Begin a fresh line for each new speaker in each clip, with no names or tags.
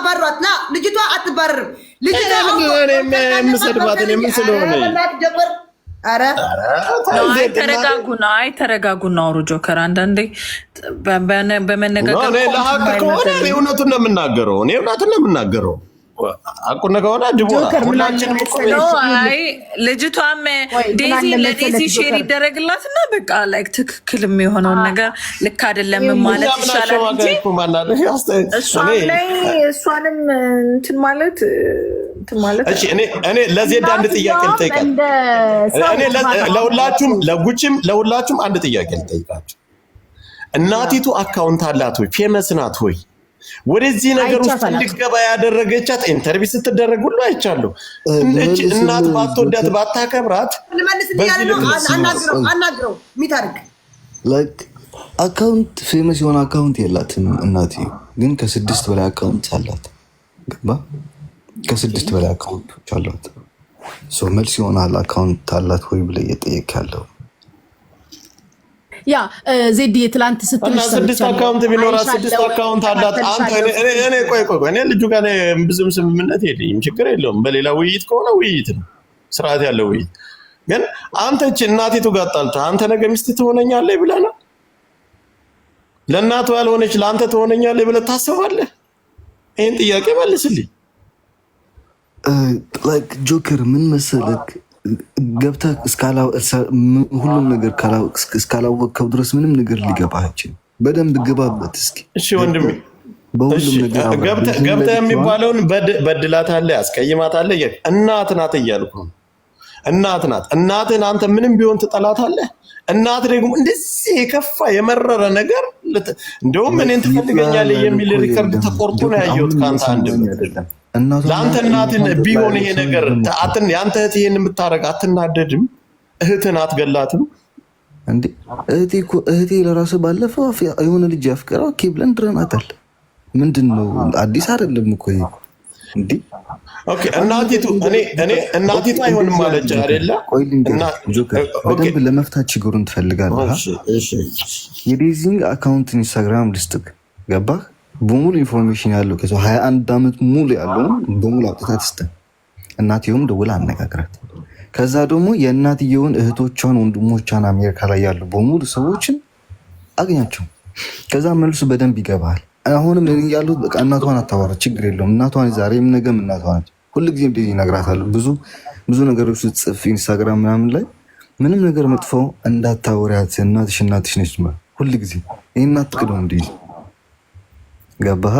አባሯት። ና ልጅቷ አትባረርም።
ልጅቷ የምሰድባት ምን ስለሆነ
ተረጋጉና አውሩ ጆከር። አንዳንዴ በመነጋገር
ለሀቅ ከሆነ እኔ እውነቱን ነው የምናገረው። እኔ እውነቱን ነው የምናገረው። አቁነ ከሆነ
አይ ልጅቷም ዴዚ ለዴዚ ሼር ይደረግላት እና በቃ ላይክ ትክክል የሚሆነውን ነገር ልክ አይደለም ማለት
ይሻላል
እሷም እንትን ማለት
እኔ ለዜድ አንድ ጥያቄ ልጠይቃል። ለሁላችሁም ለጉችም ለሁላችሁም አንድ ጥያቄ ልጠይቃቸው። እናቲቱ አካውንት አላት ወይ? ፌመስ ናት ወይ? ወደዚህ ነገር ውስጥ እንድገባ ያደረገቻት ኢንተርቪ ስትደረግ ሁሉ አይቻለሁ። እናት ባትወዳት ባታከብራት
አናግረው
አካውንት ፌመስ የሆነ አካውንት የላትም እናቴ፣ ግን ከስድስት በላይ አካውንት አላት። ገባ ከስድስት በላይ አካውንቶች አሏት። መልስ ይሆናል አካውንት አላት ወይ ብለ እየጠየቅ ያለው
ያ ዜድ የትላንት
ስትልሽ ስድስት አካውንት ቢኖራት ስድስት አካውንት አላት። እኔ ቆይ ቆይ እኔ ልጁ ጋር ብዙም ስምምነት የለኝም። ችግር የለውም። በሌላ ውይይት ከሆነ ውይይት ነው፣ ስርዓት ያለው ውይይት። ግን አንተ እቺ እናቲቱ ጋር ጣልተህ አንተ ነገ ሚስት ትሆነኛለህ ብለህ ነው ለእናቱ ያልሆነች ለአንተ ትሆነኛለህ ብለህ ታስባለህ? ይህን ጥያቄ መልስልኝ።
ጆከር ምን መሰለህ ገብተህ ሁሉም ነገር እስካላወቅከው ድረስ ምንም ነገር ሊገባ አይችልም። በደንብ ግባበት እስኪ።
እሺ ወንድሜ፣ ገብተህ የሚባለውን በድላታለህ፣ አስቀይማታለህ። እናት ናት እያልኩ እናት ናት። እናትህን አንተ ምንም ቢሆን ትጠላታለህ። እናት ደግሞ እንደዚህ የከፋ የመረረ ነገር እንደውም እኔን ትፈልገኛለህ የሚል ሪከርድ ተቆርጦ ነው ያየሁት ከአንተ አንድ ለአንተ እናትን ቢሆን ይሄ ነገር የአንተ እህት ይሄን የምታደርግ አትናደድም? እህትን አትገላትም?
እህቴ ለራሱ ባለፈው የሆነ ልጅ ያፍቅረው ኬ ብለን ድረናታል። ምንድን ነው አዲስ አይደለም እኮ
እናቴት አይሆንም ማለች አደለ?
በደንብ ለመፍታት ችግሩን ትፈልጋለህ። የዴዚንግ አካውንት ኢንስታግራም ልስጥቅ ገባህ? በሙሉ ኢንፎርሜሽን ያለው ከ21 ዓመት ሙሉ ያለውን በሙሉ አውጥታ ትስጠን። እናትየውም ደውላ አነጋግራት። ከዛ ደግሞ የእናትየውን እህቶቿን፣ ወንድሞቿን አሜሪካ ላይ ያሉ በሙሉ ሰዎችን አግኛቸው። ከዛ መልሱ በደንብ ይገባል። አሁንም ያሉት በቃ እናቷን አታዋራ፣ ችግር የለውም እናቷን፣ ዛሬም ነገም እናቷን ናት። ሁልጊዜም እንደዚህ ይነግራታሉ። ብዙ ብዙ ነገሮች ጽፍ ኢንስታግራም ምናምን ላይ ምንም ነገር መጥፎ እንዳታወሪያት፣ እናትሽ እናትሽ ነች ሁልጊዜ። ይህን አትቅደው እንዴ ገባህ?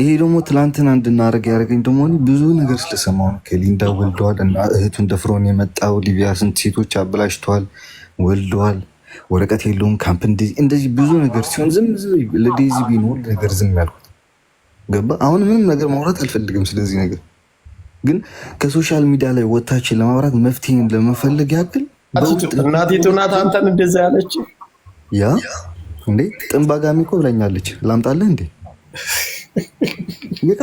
ይሄ ደግሞ ትላንትና እንድናደርግ ያደረገኝ ደግሞ ብዙ ነገር ስለሰማሁ ነው። ከሊንዳ ወልደዋል እና እህቱን ደፍሮን የመጣው ሊቢያ ስንት ሴቶች አበላሽተዋል፣ ወልደዋል፣ ወረቀት የለውም ካምፕ እንደዚህ ብዙ ነገር ሲሆን ዝም ለዴዚ ቢኖር ነገር ዝም ያልኩት ገባህ? አሁን ምንም ነገር ማውራት አልፈልግም። ስለዚህ ነገር ግን ከሶሻል ሚዲያ ላይ ወታችን ለማውራት መፍትሄን ለመፈለግ ያክል
እናቴቱ ናት አንተን እንደዛ ያለች
ያ እንዴ ጥንባጋሚ እኮ ብለኛለች። እንዴ እኔ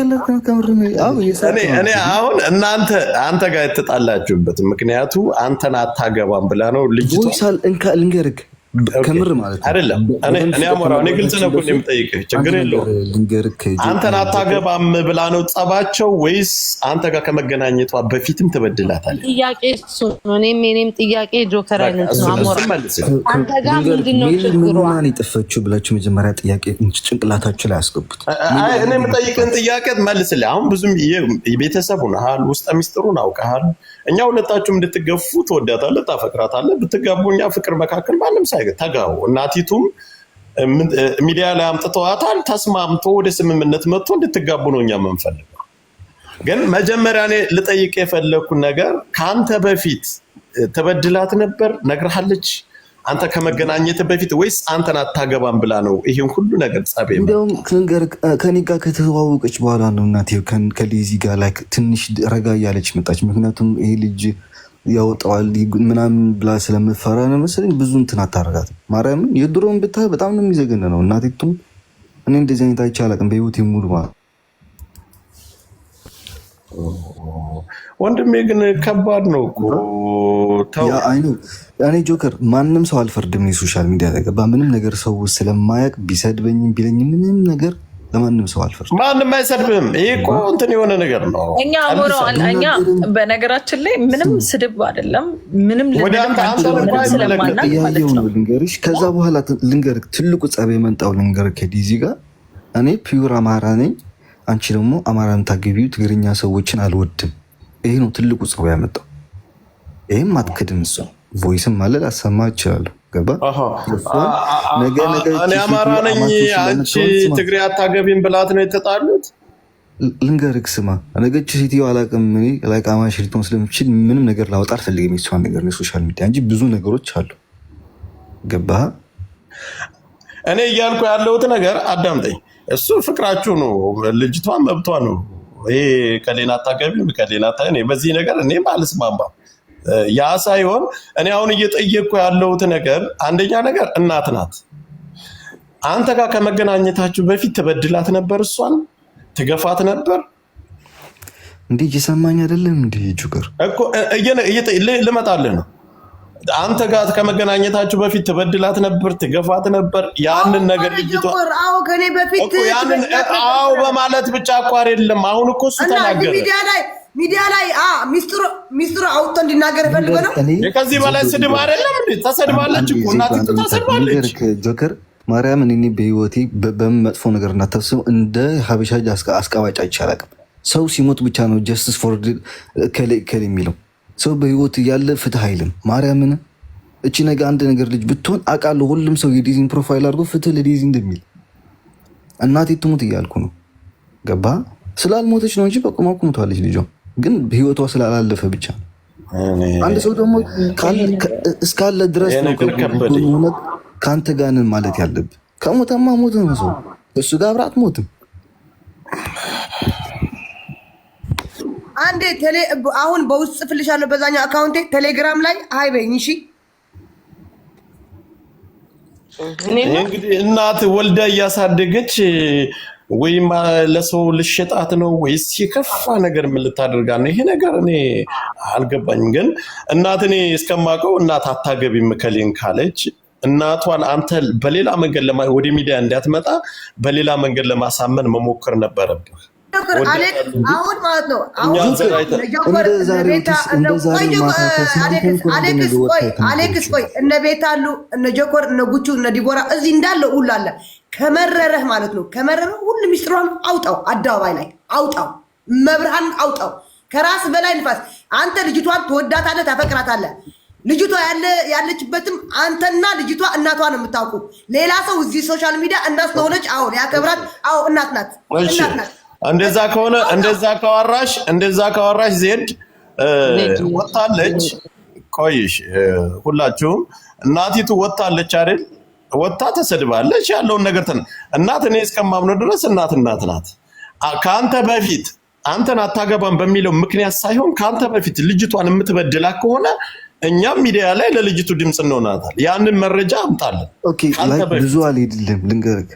አሁን እናንተ አንተ ጋር የተጣላችሁበት ምክንያቱ አንተን አታገባም ብላ ነው ልጅ ከምር ማለት አይደለም። እኔ አሞራ እኔ ግልጽ ነው እኮ የምጠይቅህ፣ ችግር የለውም። አንተን አታገባም ብላ ነው ጸባቸው ወይስ አንተ ጋር ከመገናኘቷ በፊትም ትበድላታለህ?
ጥያቄ እሱ ነው። እኔም እኔም ጥያቄ ጆከር አይነት
ነው። አሞራው
አንተ ጋር ምንድን ነው ችግሩ? ማን የጠፈችው ብላችሁ መጀመሪያ ጥያቄ ጭንቅላታችሁ ላይ አስገቡት።
እኔ የምጠይቅህን ጥያቄ መልስልህ። አሁን ብዙም ቤተሰቡን ውስጥ ሚስጥሩን አውቀሃል እኛ ሁለታችሁም እንድትገፉ ትወዳታለህ፣ ታፈቅራታለህ። ብትጋቡ እኛ ፍቅር መካከል ማንም ሳይ ተጋቡ። እናቲቱም ሚዲያ ላይ አምጥተዋታል። ተስማምቶ ወደ ስምምነት መጥቶ እንድትጋቡ ነው እኛ የምንፈልገው። ግን መጀመሪያ እኔ ልጠይቅ የፈለግኩ ነገር ከአንተ በፊት ተበድላት ነበር ነግርሃለች? አንተ ከመገናኘት በፊት ወይስ አንተን አታገባም ብላ ነው ይህን ሁሉ ነገር ጸቤ? እንዲያውም
ከኔ ጋር ከተዋወቀች በኋላ ነው እናቴ ከሌዚ ጋር ላይ ትንሽ ረጋ እያለች መጣች። ምክንያቱም ይሄ ልጅ ያወጣዋል ምናምን ብላ ስለምፈራ ነው መሰለኝ ብዙ እንትን አታረጋት። ማርያምን የድሮውን ብታይ በጣም ነው የሚዘገነ ነው እናቴቱም እኔ እንደዚህ አይነት አይቼ አላውቅም በህይወቴ ሙሉ ማለት
ወንድሜ ግን ከባድ ነው እኮ
እኔ ጆከር ማንም ሰው አልፈርድም። ሶሻል ሚዲያ ተገባ ምንም ነገር ሰው ስለማያቅ ቢሰድበኝም ቢለኝ ምንም ነገር ለማንም ሰው አልፈርድም።
ማንም አይሰድብም። ይሄ እኮ እንትን የሆነ ነገር
ነው። እኛ ሆነዋል። እኛ በነገራችን ላይ ምንም ስድብ አይደለም። ምንም
ያየው
ነው ልንገርሽ። ከዛ በኋላ ልንገር ትልቁ ጸብ የመጣው ልንገር ከዲዚ ጋር እኔ ፒዩር አማራ ነኝ አንቺ ደግሞ አማራን ታገቢው ትግርኛ ሰዎችን አልወድም። ይሄ ነው ትልቁ ጸቡ ያመጣው። ይህም አትክድም እሷ ቮይስም አለ ላሰማ ይችላሉ። ገባ
እኔ አማራ ነኝ አንቺ ትግሬ አታገቢም ብላት ነው የተጣሉት።
ልንገርህ ስማ፣ ነገች ሴትዮ አላቅም እኔ ላይ አማሽ ልትሆን ስለምችል ምንም ነገር ላወጣ አልፈልግም። የእሷን ነገር ሶሻል ሚዲያ እንጂ ብዙ ነገሮች አሉ። ገባ
እኔ እያልኩ ያለሁት ነገር አዳምጠኝ እሱ ፍቅራችሁ ነው። ልጅቷ መብቷ ነው። ይሄ ከሌና አታገቢም ከሌና ታ በዚህ ነገር እኔም አልስማማም። ያ ሳይሆን እኔ አሁን እየጠየቅኩ ያለሁት ነገር አንደኛ ነገር እናት ናት። አንተ ጋር ከመገናኘታችሁ በፊት ትበድላት ነበር፣ እሷን ትገፋት ነበር።
እንዲህ እየሰማኝ አይደለም። እንዲህ ጁገር
እኮ ልመጣልህ ነው አንተ ጋር ከመገናኘታችሁ በፊት ትበድላት ነበር፣ ትገፋት ነበር። ያንን ነገር ልጅቷ አዎ በማለት ብቻ እኮ አይደለም። አሁን እኮ እሱ
ተናገረ ሚዲያ ላይ ሚስጥሩ አውጥቶ እንዲናገር
ፈልጎ ነው። ከዚህ በላይ ስድብ አይደለም። ተሰድባለች
እኮ እናት ተሰድባለች። ጆከር ማርያም፣ እኔ በህይወቴ በምን መጥፎ ነገር እናታስብ እንደ ሀበሻ አስቀባጫ ይቻላል። ሰው ሲሞት ብቻ ነው ጀስትስ ፎር ከሌ ከሌ የሚለው ሰው በህይወት እያለ ፍትህ አይልም። ማርያምን እቺ ነገ አንድ ነገር ልጅ ብትሆን አውቃለሁ። ሁሉም ሰው የዴዚን ፕሮፋይል አድርጎ ፍትህ ለዴዚ እንደሚል እናቴ ትሙት እያልኩ ነው። ገባ ስላልሞተች ነው እንጂ በቁማ ቁምቷለች። ልጇ ግን ህይወቷ ስላላለፈ ብቻ አንድ ሰው ደግሞ እስካለ ድረስ ነው ከአንተ ጋንን ማለት ያለብህ። ከሞተማ ሞት ነው ሰው እሱ ጋር ብራት ሞትም።
አንዴ ቴሌ አሁን በውስጥ ጽፍልሻለሁ በዛኛው አካውንቴ ቴሌግራም ላይ ሀይ በይኝ። እሺ
እንግዲህ እናት ወልዳ እያሳደገች ወይም ለሰው ልሸጣት ነው ወይስ የከፋ ነገር ምን ልታደርጋ ነው? ይሄ ነገር እኔ አልገባኝም። ግን እናት እኔ እስከማውቀው እናት አታገቢም እከሌን ካለች እናቷን አንተ በሌላ መንገድ ወደ ሚዲያ እንዳትመጣ በሌላ መንገድ ለማሳመን መሞከር ነበረብህ።
አሁን ማለት ነው አሌክስ ቆይ፣ እነ ቤት አሉ እነ ጆኮር እነ ጉቹ እነ ዲቦራ እዚህ እንዳለው ሁሉ አለ። ከመረረህ ማለት ነው ከመረረህ ሁሉ ሚስጥሯን አውጣው፣ አደባባይ ላይ አውጣው፣ መብርሃን አውጣው፣ ከራስ በላይ ንፋስ። አንተ ልጅቷን ትወዳታለህ፣ ታፈቅራታለህ። ልጅቷ ያለችበትም አንተና ልጅቷ እናቷ ነው የምታውቁ። ሌላ ሰው እዚህ ሶሻል ሚዲያ እናት ስለሆነች አዎ ያከብራት፣ አዎ እናት ናት፣
እናት ናት እንደዛ ከሆነ እንደዛ ካወራሽ እንደዛ ካወራሽ ዜድ ወጣለች። ቆይሽ ሁላችሁም እናቲቱ ወጣለች አይደል? ወጣ ተሰድባለች ያለውን ነገር ተን እናት እኔ እስከማምነው ድረስ እናት እናት ናት። ከአንተ በፊት አንተን አታገባም በሚለው ምክንያት ሳይሆን ከአንተ በፊት ልጅቷን የምትበድላ ከሆነ እኛም ሚዲያ ላይ ለልጅቱ ድምፅ እንሆናታል። ያንን መረጃ አምጣለን።
ብዙ አልሄድልም ልንገርህ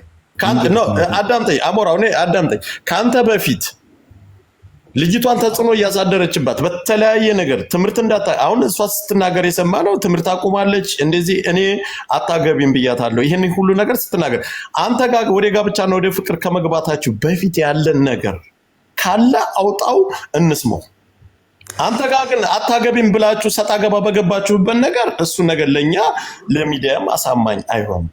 አዳምጠኝ አሞራው፣ አዳምጠኝ። ከአንተ በፊት ልጅቷን ተጽዕኖ እያሳደረችባት በተለያየ ነገር ትምህርት እንዳታ አሁን እሷ ስትናገር የሰማ ነው። ትምህርት አቁማለች እንደዚህ እኔ አታገቢም ብያታለሁ። ይህን ሁሉ ነገር ስትናገር አንተ ጋር ወደ ጋብቻና ወደ ፍቅር ከመግባታችሁ በፊት ያለን ነገር ካለ አውጣው እንስመው አንተ ጋር ግን አታገቢም ብላችሁ ሰጣ ገባ በገባችሁበት ነገር እሱ ነገር ለእኛ ለሚዲያም አሳማኝ አይሆንም።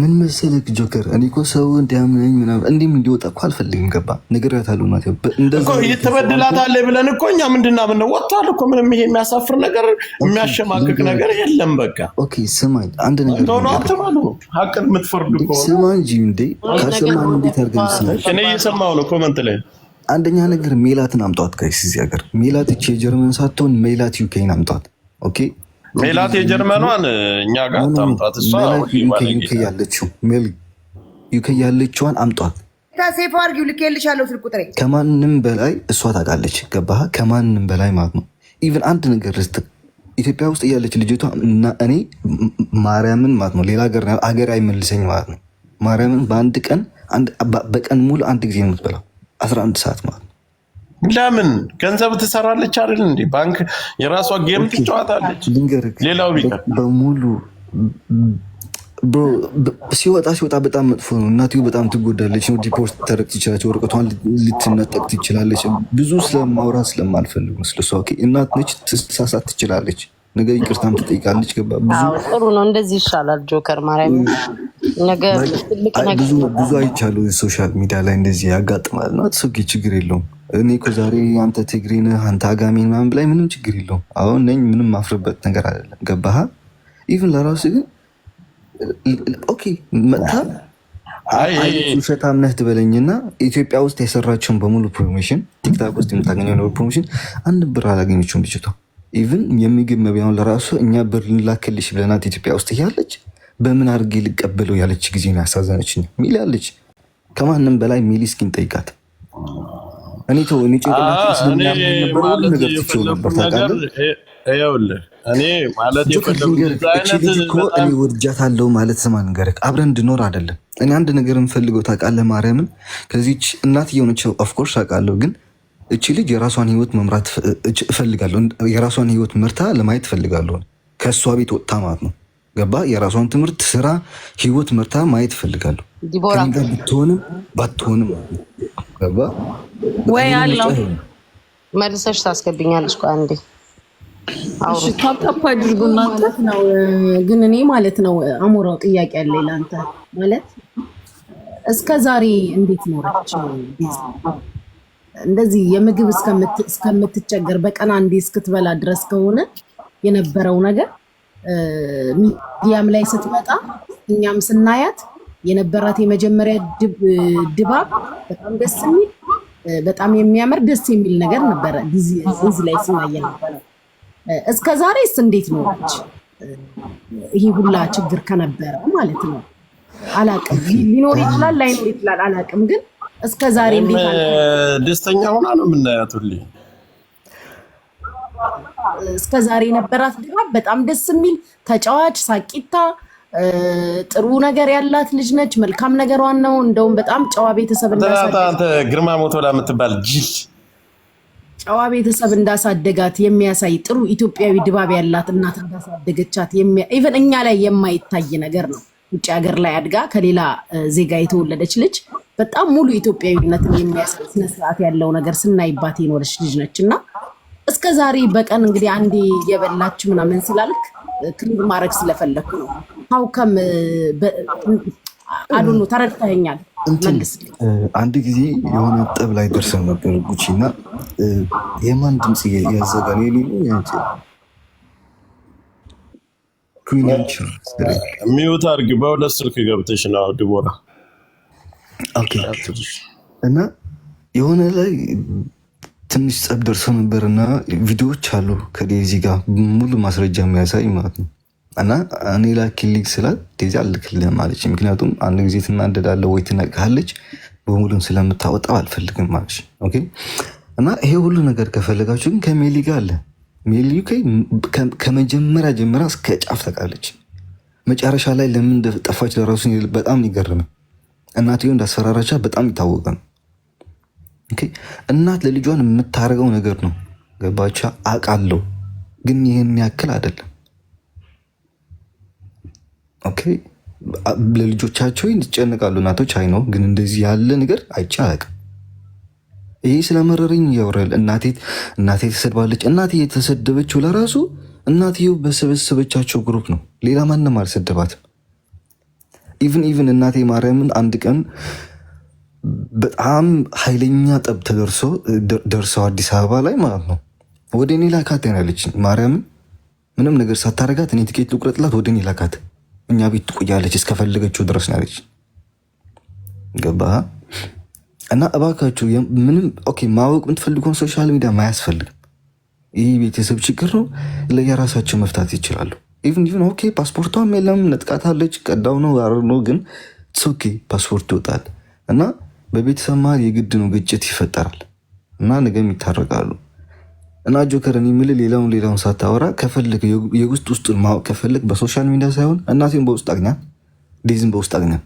ምን መሰለህ ጆከር፣ እኔ እኮ ሰው እንዲያምነኝ ምናምን እንዲህም እንዲወጣ እኮ አልፈልግም። ገባ ነግሬያታለሁ። እናቴ
ትበድላታለህ ብለን እኮ እኛ ምንድና ምን የምንለው? እኮ ምንም ይሄ የሚያሳፍር ነገር የሚያሸማቅቅ ነገር የለም። በቃ
ኦኬ፣ ስማኝ፣ አንድ
ነገር ሆነ አትባሉ። ሀቅን የምትፈርዱ
ስማ እንጂ እንዴ፣ ካልሰማን እንዴት አድርገን ስማ።
እኔ እየሰማሁ ነው ኮመንት ላይ
አንደኛ ነገር ሜላትን አምጧት። ጋይስ እዚህ ሀገር ሜላት ይቺ የጀርመን ሳትሆን ሜላት ዩኬን አምጧት። ኦኬ
ሜላት የጀርመኗን እኛ ጋር ታምጣት።
እሷ ዩኬ ያለችው ሜል ዩኬ ያለችዋን አምጧት።
ሴፍ አድርጊው ልኬልሻለሁ ስልክ ቁጥሬ።
ከማንም በላይ እሷ ታውቃለች። ገባህ? ከማንም በላይ ማለት ነው። ኢቨን አንድ ነገር ልስጥህ፣ ኢትዮጵያ ውስጥ እያለች ልጅቷ እና እኔ ማርያምን ማለት ነው ሌላ ሀገር አገር አይመልሰኝ ማለት ነው። ማርያምን በአንድ ቀን በቀን ሙሉ አንድ ጊዜ የምትበላው አስራ አንድ ሰዓት ማለት ነው
ለምን ገንዘብ ትሰራለች አይደል እንዴ? ባንክ የራሷ ጌም ትጫወታለች። ሌላው ቢቀር
በሙሉ ሲወጣ ሲወጣ በጣም መጥፎ ነው። እናትዮ በጣም ትጎዳለች ነው። ዲፖርት ታደርግ ትችላለች። ወረቀቷን ልትነጠቅ ትችላለች። ብዙ ስለማውራት ስለማልፈልግ ነው እናት ነች፣ ትሳሳት ትችላለች። ነገ ይቅርታም ትጠይቃለች። ገባ
ጥሩ ነው። እንደዚህ ይሻላል። ጆከር ማርያም ነገ
ብዙ አይቻሉ ሶሻል ሚዲያ ላይ እንደዚህ ያጋጥማል። ና ሶኬ ችግር የለውም። እኔ እኮ ዛሬ አንተ ትግሬ ነህ አንተ አጋሜ ምናምን ላይ ምንም ችግር የለውም። አሁን ነኝ ምንም ማፍርበት ነገር አይደለም። ገባህ ኢቭን ለራሱ ግን ኦኬ መታ ውሸታም ነህ ትበለኝና ኢትዮጵያ ውስጥ የሰራቸውን በሙሉ ፕሮሞሽን ቲክታክ ውስጥ የምታገኘው ፕሮሞሽን አንድ ብር አላገኘችውም ልጅቷ ኢቭን የምግብ መቢያውን ለራሱ እኛ ብር ልላክልሽ ብለናት ኢትዮጵያ ውስጥ እያለች በምን አድርጌ ልቀበለው ያለች ጊዜ ነው ያሳዘነች። ሚል ያለች ከማንም በላይ ሚሊ እስኪን ጠይቃት። እኔ ተው እኔ ጭንቅላት ነገር ትችው
ነበር። ታውቃለህ
እኔ አለው ማለት ስማ ንገረክ አብረን እንድኖር አይደለም። እኔ አንድ ነገር የምፈልገው ታውቃለህ፣ ማርያምን ከዚች እናት እየሆነች ኦፍኮርስ ታውቃለሁ ግን እቺ ልጅ የራሷን ህይወት መምራት እፈልጋለሁ። የራሷን ህይወት ምርታ ለማየት እፈልጋለሁ። ከእሷ ቤት ወጥታ ማለት ነው። ገባ? የራሷን ትምህርት፣ ስራ፣ ህይወት ምርታ ማየት እፈልጋለሁ። ብትሆንም ባትሆንም ገባ
ወይ አለው። መልሰሽ ታስገብኛለች። አንዴ
ታፕታፕ አድርጉ ማለት ነው። ግን እኔ ማለት ነው አሞራው ጥያቄ አለ ለአንተ ማለት እስከ ዛሬ እንዴት ኖረች? እንደዚህ የምግብ እስከምትቸገር በቀን አንዴ እስክትበላ ድረስ ከሆነ የነበረው ነገር ሚዲያም ላይ ስትመጣ እኛም ስናያት የነበራት የመጀመሪያ ድባብ በጣም ደስ የሚል በጣም የሚያምር ደስ የሚል ነገር ነበረ። ጊዜ ላይ ስናየ ነበረ። እስከ ዛሬስ እንዴት ኖረች? ይሄ ሁላ ችግር ከነበረ ማለት ነው። አላቅም ሊኖር ይችላል ላይኖር ይችላል አላቅም ግን እስከ ዛሬ
እንዴት ደስተኛ ሆና ነው የምናያት ሁሌ።
እስከ ዛሬ የነበራት ድባብ በጣም ደስ የሚል ተጫዋች፣ ሳቂታ፣ ጥሩ ነገር ያላት ልጅ ነች። መልካም ነገሯን ነው እንደውም በጣም ጨዋ ቤተሰብ
ግርማ ሞቶላ የምትባል ጅል
ጨዋ ቤተሰብ እንዳሳደጋት የሚያሳይ ጥሩ ኢትዮጵያዊ ድባብ ያላት እናት እንዳሳደገቻት ኢቨን እኛ ላይ የማይታይ ነገር ነው። ውጭ ሀገር ላይ አድጋ ከሌላ ዜጋ የተወለደች ልጅ በጣም ሙሉ ኢትዮጵያዊነትን የሚያሳይ ስነስርዓት ያለው ነገር ስናይባት የኖረች ልጅ ነች እና እስከ ዛሬ በቀን እንግዲህ አንዴ እየበላች ምናምን ስላልክ ክሊር ማድረግ ስለፈለግኩ ነው። ሀውከም አሉኑ ተረድተኸኛል።
አንድ ጊዜ የሆነ ጠብ ላይ ደርሰን ነበር ጉቺ እና የማን ድምፅ ያዘጋል
ሚዩት አርግ በሁለት ስልክ ገብተሽ ነው ዲቦራ
እና የሆነ ላይ ትንሽ ጸብ ደርሶ ነበር እና ቪዲዮዎች አሉ ከዴዚ ጋር ሙሉ ማስረጃ የሚያሳይ ማለት ነው። እና እኔ ላኪልኝ ስላት ዴዚ አልክልህም አለች። ምክንያቱም አንድ ጊዜ ትናደዳለህ ወይ ትነቅሃለች፣ በሙሉም ስለምታወጣው አልፈልግም አለች። እና ይሄ ሁሉ ነገር ከፈለጋችሁ ግን ከሜሊ ጋር አለ። ሜሊ ከመጀመሪያ ጀምራ እስከ ጫፍ ታውቃለች። መጨረሻ ላይ ለምን ጠፋች ለራሱ በጣም ይገርም እናትዮ እንዳስፈራራቻ በጣም ይታወቃል። እናት ለልጇን የምታደርገው ነገር ነው። ገባቻ አውቃለሁ፣ ግን ይህን ያክል አይደለም። ኦኬ ለልጆቻቸው ይጨነቃሉ እናቶች፣ አይ ነው ግን እንደዚህ ያለ ነገር አይቼ አላውቅም። ይሄ ስለመረረኝ እያወራል። እናቴ እናቴ ተሰድባለች። እናቴ የተሰደበችው ለራሱ እናትየው በሰበሰበቻቸው ግሩፕ ነው። ሌላ ማንም አልሰደባትም። ኢቭን ኢቭን እናቴ ማርያምን አንድ ቀን በጣም ኃይለኛ ጠብ ተደርሶ ደርሰው አዲስ አበባ ላይ ማለት ነው ወደ እኔ ላካት ያለች ማርያምን ምንም ነገር ሳታረጋት እኔ ትኬት ልቁረጥላት ወደ እኔ ላካት እኛ ቤት ትቆያለች እስከፈለገችው ድረስ ያለች ገባ እና እባካችሁ ምንም ኦኬ ማወቅ የምትፈልገውን ሶሻል ሚዲያ ማያስፈልግም። ይህ ቤተሰብ ችግር ነው፣ ለየራሳቸው መፍታት ይችላሉ። ኢቭን ኢቭን ኦኬ ፓስፖርቷም የለም ነጥቃታለች። ቀዳው ነው ያረ ነው ግን ኦኬ ፓስፖርት ይወጣል እና በቤተሰብ መሀል የግድ ነው ግጭት ይፈጠራል እና ነገም ይታረቃሉ። እና ጆከር እኔ የምልህ ሌላውን ሌላውን ሳታወራ ከፈለክ የውስጥ ውስጡን ማወቅ ከፈለክ በሶሻል ሚዲያ ሳይሆን እናቴን በውስጥ አግኛት፣ ዴዝን በውስጥ አግኛት።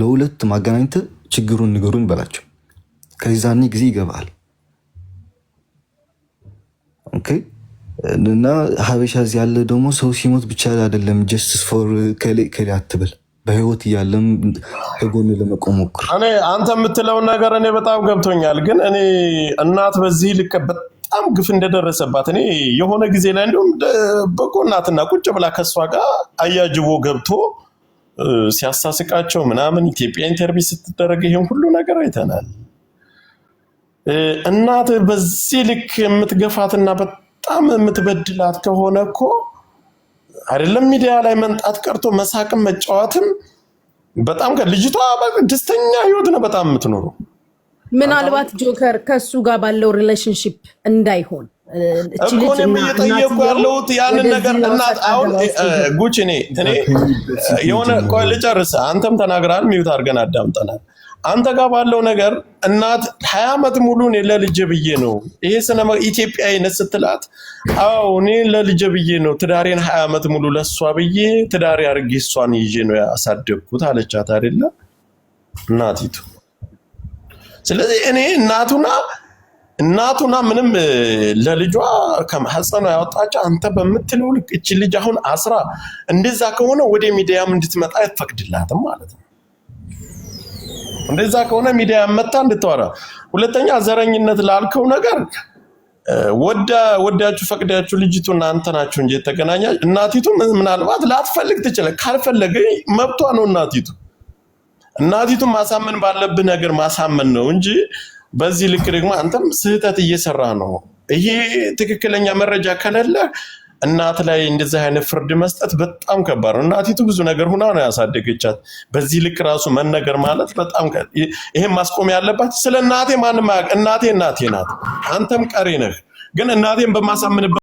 ለሁለት ማገናኝተ ችግሩን ንገሩኝ በላቸው። ከዛኔ ጊዜ ይገባል። ኦኬ እና ሀበሻ እዚህ ያለ ደግሞ ሰው ሲሞት ብቻ አይደለም ጀስትስ ፎር ከሌ ከሌ አትብል በህይወት እያለም ከጎን ለመቆም ሞክር።
እኔ አንተ የምትለውን ነገር እኔ በጣም ገብቶኛል፣ ግን እኔ እናት በዚህ ልክ በጣም ግፍ እንደደረሰባት እኔ የሆነ ጊዜ ላይ እንዲሁም በጎ እናትና ቁጭ ብላ ከእሷ ጋር አያጅቦ ገብቶ ሲያሳስቃቸው ምናምን ኢትዮጵያ ኢንተርቪው ስትደረግ ይሄን ሁሉ ነገር አይተናል። እናት በዚህ ልክ የምትገፋትና በጣም የምትበድላት ከሆነ እኮ አይደለም ሚዲያ ላይ መንጣት ቀርቶ መሳቅም መጫወትም በጣም ልጅቷ ደስተኛ ህይወት ነው በጣም የምትኖረው።
ምናልባት ጆከር ከእሱ ጋር ባለው ሪሌሽንሽፕ እንዳይሆን
እኮንም እየጠየቁ ያለሁት ያንን ነገር እናት አሁን ጉች እኔ እኔ የሆነ ቆይ ልጨርስ። አንተም ተናግራል ሚዩት አድርገን አዳምጠናል። አንተ ጋር ባለው ነገር እናት ሀያ ዓመት ሙሉ እኔ ለልጄ ብዬ ነው ይሄ ስነ ኢትዮጵያዊነት ስትላት፣ አዎ እኔ ለልጄ ብዬ ነው ትዳሬን ሀያ ዓመት ሙሉ ለሷ ብዬ ትዳሬ አድርጌ እሷን ይዤ ነው ያሳደግኩት አለቻት አይደለ እናቲቱ። ስለዚህ እኔ እናቱና እናቱና ምንም ለልጇ ከማህፀኗ ያወጣች አንተ በምትለው ልክ እቺ ልጅ አሁን አስራ እንደዛ ከሆነ ወደ ሚዲያም እንድትመጣ አይፈቅድላትም ማለት ነው። እንደዛ ከሆነ ሚዲያ ያመጣ እንድታወራ። ሁለተኛ ዘረኝነት ላልከው ነገር ወዳ ወዳችሁ ፈቅዳችሁ ልጅቱ እናንተ ናችሁ እንጂ የተገናኛ እናቲቱ ምናልባት ላትፈልግ ትችላል። ካልፈለገ መብቷ ነው። እናቲቱ እናቲቱ ማሳመን ባለብህ ነገር ማሳመን ነው እንጂ በዚህ ልክ ደግሞ አንተም ስህተት እየሰራ ነው። ይሄ ትክክለኛ መረጃ ከሌለ እናት ላይ እንደዚህ አይነት ፍርድ መስጠት በጣም ከባድ ነው። እናቲቱ ብዙ ነገር ሁና ነው ያሳደገቻት። በዚህ ልክ ራሱ መነገር ማለት በጣም ይሄን ማስቆም ያለባት ስለ እናቴ ማንም አያውቅ። እናቴ እናቴ ናት፣ አንተም ቀሪ ነህ። ግን እናቴን በማሳምንበት